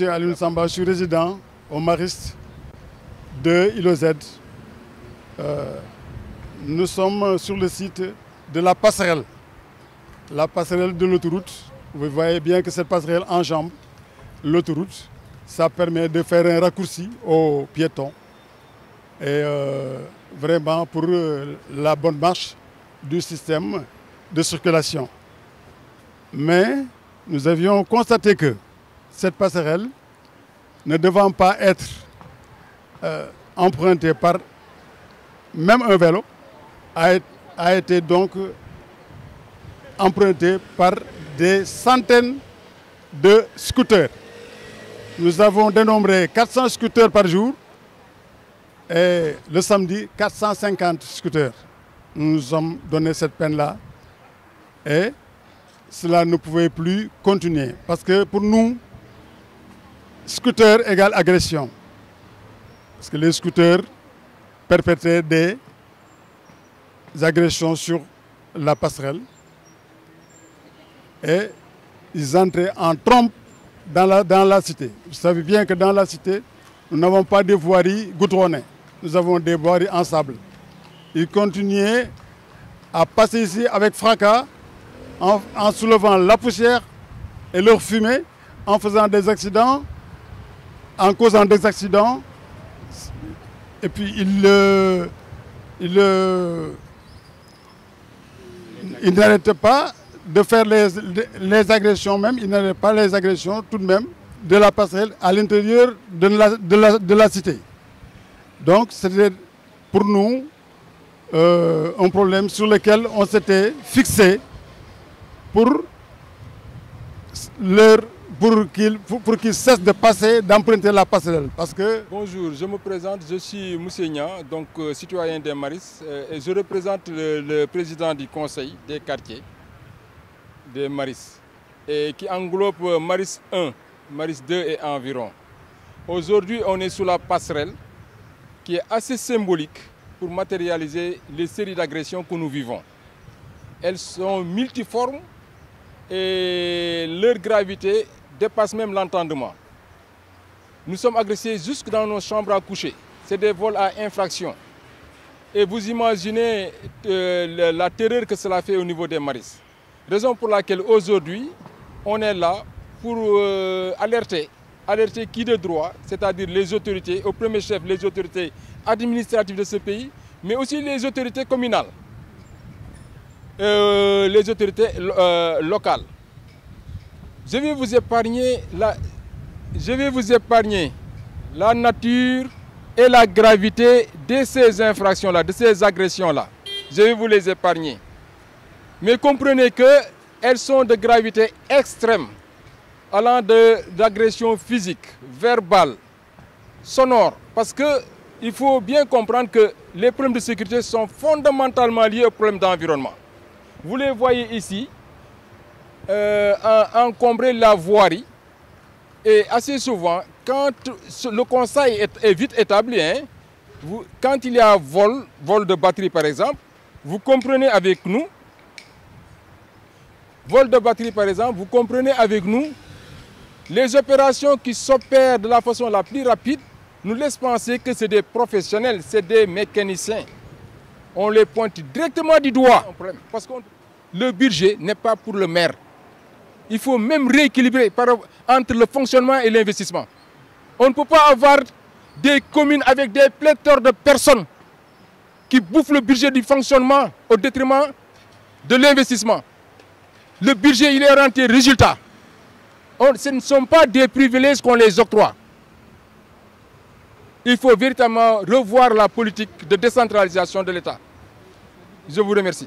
Je suis Samba, je suis résident au Mariste de ILOZ. Euh, nous sommes sur le site de la passerelle, la passerelle de l'autoroute. Vous voyez bien que cette passerelle enjambe l'autoroute. Ça permet de faire un raccourci aux piétons. Et euh, vraiment pour euh, la bonne marche du système de circulation. Mais nous avions constaté que cette passerelle ne devant pas être euh, empruntée par même un vélo, a, a été donc empruntée par des centaines de scooters. Nous avons dénombré 400 scooters par jour et le samedi, 450 scooters. Nous nous sommes donné cette peine-là et cela ne pouvait plus continuer. Parce que pour nous, scooter égale agression. Parce que les scooters perpétraient des agressions sur la passerelle. Et ils entraient en trompe dans la, dans la cité. Vous savez bien que dans la cité, nous n'avons pas de voiries goudronnées. Nous avons des voiries en sable. Ils continuaient à passer ici avec fracas, en soulevant la poussière et leur fumée, en faisant des accidents en causant des accidents. Et puis il, euh, il, pas de faire les, agressions même, il n'arrête pas les agressions tout de même de la passerelle à l'intérieur de la, cité. Donc c'était pour nous euh, un problème sur lequel on s'était fixé pour leur pour qu'il pour qu'il cesse de passer, d'emprunter la passerelle. Parce que... Bonjour, je me présente, je suis Mousseignan, donc euh, citoyen des Maris, euh, et je représente le, président du conseil des quartiers de Maris, et qui englobe Maris 1, Maris 2 et environ. Aujourd'hui, on est sous la passerelle, qui est assez symbolique pour matérialiser les séries d'agressions que nous vivons. Elles sont multiformes et leur gravité dépasse même l'entendement. Nous sommes agressés jusque dans nos chambres à coucher. C'est des vols à infraction. Et vous imaginez euh, la terreur que cela fait au niveau des maris. Raison pour laquelle aujourd'hui, on est là pour euh, alerter. Alerter qui de droit, c'est-à-dire les autorités, au premier chef les autorités administratives de ce pays, mais aussi les autorités communales, euh, les autorités locales. Je vais vous épargner la, je vais vous épargner la nature et la gravité de ces infractions-là, de ces agressions-là. Je vais vous les épargner. Mais comprenez qu'elles sont de gravité extrême, allant d'agressions physiques, verbales, sonores. Parce qu'il faut bien comprendre que les problèmes de sécurité sont fondamentalement liés aux problèmes d'environnement. Vous les voyez ici, euh, encombrer la voirie. Et assez souvent, quand le conseil est, vite établi, hein, vous, quand il y a vol, vol de batterie par exemple, vous comprenez avec nous, vol de batterie par exemple, vous comprenez avec nous, les opérations qui s'opèrent de la façon la plus rapide nous laissent penser que c'est des professionnels, c'est des mécaniciens. On les pointe directement du doigt. Parce que le budget n'est pas pour le maire il faut même rééquilibrer entre le fonctionnement et l'investissement. On ne peut pas avoir des communes avec des pléthores de personnes qui bouffent le budget du fonctionnement au détriment de l'investissement. Le budget, il est rentré résultat. ce ne sont pas des privilèges qu'on les octroie. Il faut véritablement revoir la politique de décentralisation de l'État. Je vous remercie.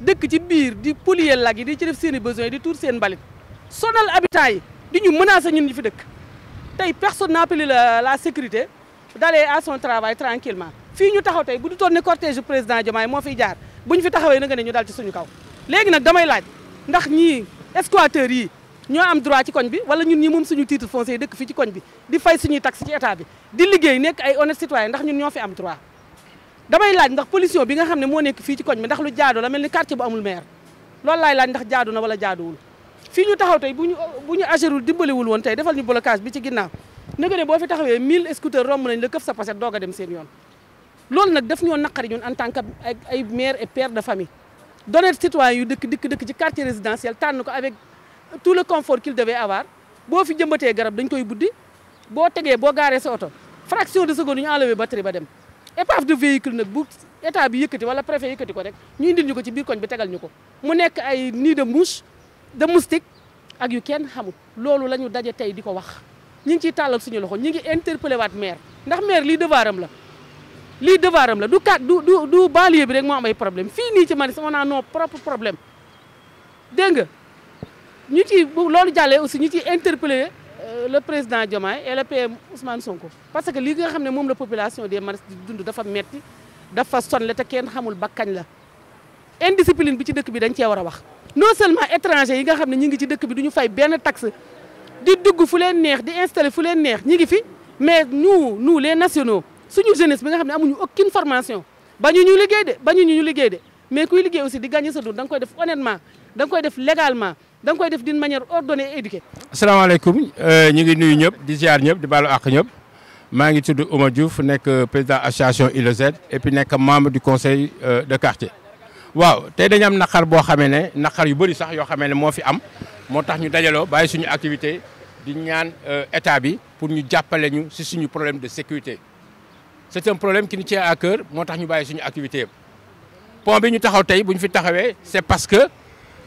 dëkk ci biir di polluer lag yi di ci def seen i besoins di tour seen mbalit sonal habitat yi di ñu menacer ñun ñu fi dëkk tey personne n'a appelé la la sécurité d'aller à son travail tranquillement fii ñu taxaw tey bu du toon ne cortège président Diomaye moo fiy jaar bu ñu fi taxawee na nga ne ñu dal ci suñu kaw léegi nag damay laaj ndax ñii esquatteurs yi ñoo am droit ci koñ bi wala ñun ñi moom suñu titre foncier dëkk fii ci koñ bi di fay suñuy taxe ci état bi di liggéey nekk ay honnête citoyen ndax ñun ñoo fi am droit damay laaj ndax pollution bi nga xam ne moo nekk fii ci koñ bi ndax lu jaadu la mel ni quartier bu amul maire loolu laay laaj ndax jaadu na wala jaaduwul fii ñu taxaw tey bu ñu bu ñu agérul dimbaliwul woon tey defal ñu blocage bi ci ginnaaw nega ne boo fi taxawee 1000 scooter romb nañ la këf sa paset doog a dem seen yoon loolu nag daf ñoo naqari ñun en tant que ay mère et père de famille d'honnêtes citoyens yu dëkk dëkk dëkk ci quartier résidentiel tànn ko avec tout le confort qu'il devait boo fi jëmbatee garab dañ koy buddi boo tegee boo gaaree sa oto fraction de seconde ñu enlevé ba dem épave de véhicule nag bu état bi yëkkati wala préfet yëkkati ko rek ñu indil ñu ko ci biir koñ bi tegal ñu ko mu nekk ay nii de mouche de moustique ak yu kenn xamul loolu la ñu daje tey di ko wax ñi ngi ciy tàllal suñu loxo ñi ngi interpellé waat maire ndax maire lii devoiram la lii devoiram la du kaat du du du banlieue bi rek moo am ay problème fii nii ci Maristes on a nos propres problèmes dégg nga ñu ciy loolu jàllee aussi ñu ciy interpellé le président Diomaye et le PM Ousmane Sonko parce que li nga xam ne moom la population des Maristes di dund dafa metti dafa sonle te kenn xamul ba kañ la indiscipline bi ci dëkk bi dañ cee war wax non seulement étrangers, yi nga xam ne ñi ngi ci dëkk bi du ñu fay benn taxe di dugg fu leen neex di installer fu neex ñi ngi fi mais nous nous les nationaux suñu jeunesse bi nga xam ne amuñu aucune formation bañu ñu liggéey de bañu ñu liggéey de mais kuy liggéey aussi di gagner sa dund da koy def honnêtement da koy def légalement dang koy def d'une manière ordonnée et éduquée. asalaamaaleykum euh, ñi ngi nuyu ñëpp di ziar ñëpp di balu ak ñëpp ma ngi tudd Ouma Diouf nek président association ILZ et puis n'ek membre du conseil euh, de quartier. waaw tay dañ am naqar bo xamé né naqar yu bari sax yo xamé né mo fi am moo tax ñu dajaloo bàyyi suñu activité di ñaan euh, état bi pour ñu jappalé ñu ci suñu problème de sécurité. c'est un problème qui nous tient à cœur moo tax ñu bàyyi suñu activité yëpp bi ñu taxaw tay bu fi taxawé c'est parce que.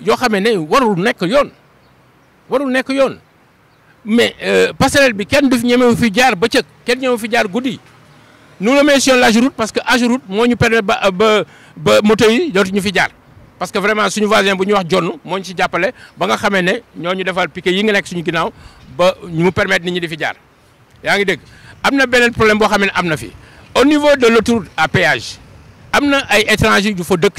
yo ne warul pas yoon warul nek yoon mais euh, passerelle bi kenn du nous jaar bëcëk kenn vous jaar nous le vous la route, parce que AGEROUTE moo ñu perdre ba ba moto yi ñu fi parce que vraiment suñu voisin bu ñu wax jonn moo ñu ci jappalé ba nga xamé né ñoo ñu defal yi nga suñu ba ñu mu permettre nit ñi di jaar dégg problème au niveau de l'autoroute à péage faut ay étrangers du fa dëkk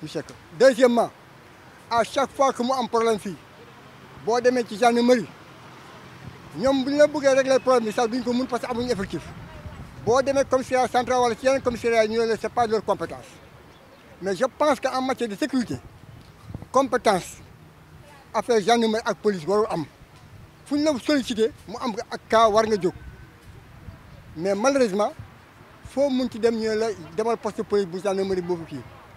du chèque deuxièmement à chaque fois que mu am problème fii boo demee ci gendarmerie ñoom bu ñu la bëggee régler problème bi sax duñ ko mun parce que amuñu effectif boo demee commissariat central wala ci yeneen commissariat yi ñu ne c'est pas leur compétence mais je pense que en matière de sécurité compétence affaire gendarmerie ak police warul am fu ñu la sollicité mu am ak cas war nga jóg mais malheureusement foo mun ci dem ñu ne la demal poste police bu gendarmerie boobu kii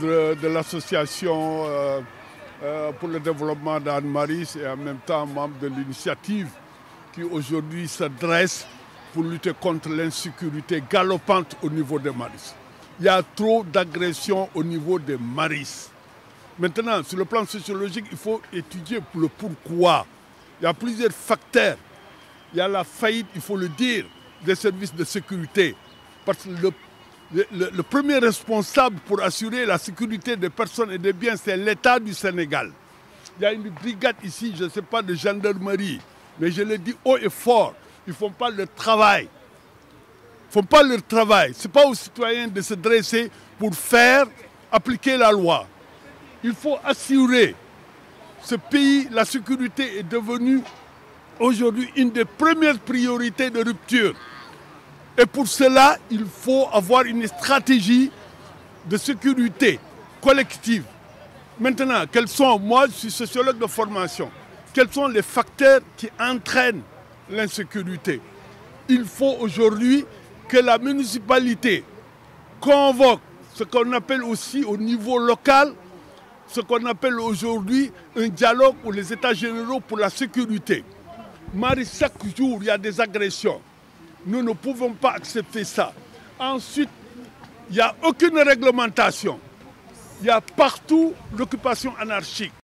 de, l'association euh, euh, pour le développement d'Anne-Marie et en même temps membre de l'initiative qui aujourd'hui s'adresse pour lutter contre l'insécurité galopante au niveau de maris. Il y a trop d'agressions au niveau de maris. Maintenant, sur le plan sociologique, il faut étudier le pourquoi. Il y a plusieurs facteurs. Il y a la faillite, il faut le dire, des services de sécurité. Parce que le le, premier responsable pour assurer la sécurité des personnes et des biens, c'est l'État du Sénégal. Il y a une brigade ici, je ne sais pas, de gendarmerie, mais je le dis haut et fort, ils ne font pas leur travail. Ils ne font pas leur travail. Ce n'est pas aux citoyens de se dresser pour faire appliquer la loi. Il faut assurer ce pays, la sécurité est devenue aujourd'hui une des premières priorités de rupture. Et pour cela, il faut avoir une stratégie de sécurité collective. Maintenant, quels sont, moi je suis sociologue de formation, quels sont les facteurs qui entraînent l'insécurité Il faut aujourd'hui que la municipalité convoque ce qu'on appelle aussi au niveau local, ce qu'on appelle aujourd'hui un dialogue pour les états généraux pour la sécurité. Marie, chaque jour, il y a des agressions. Nous ne pouvons pas accepter ça. Ensuite, il n'y a aucune réglementation. Il y a partout l'occupation anarchique.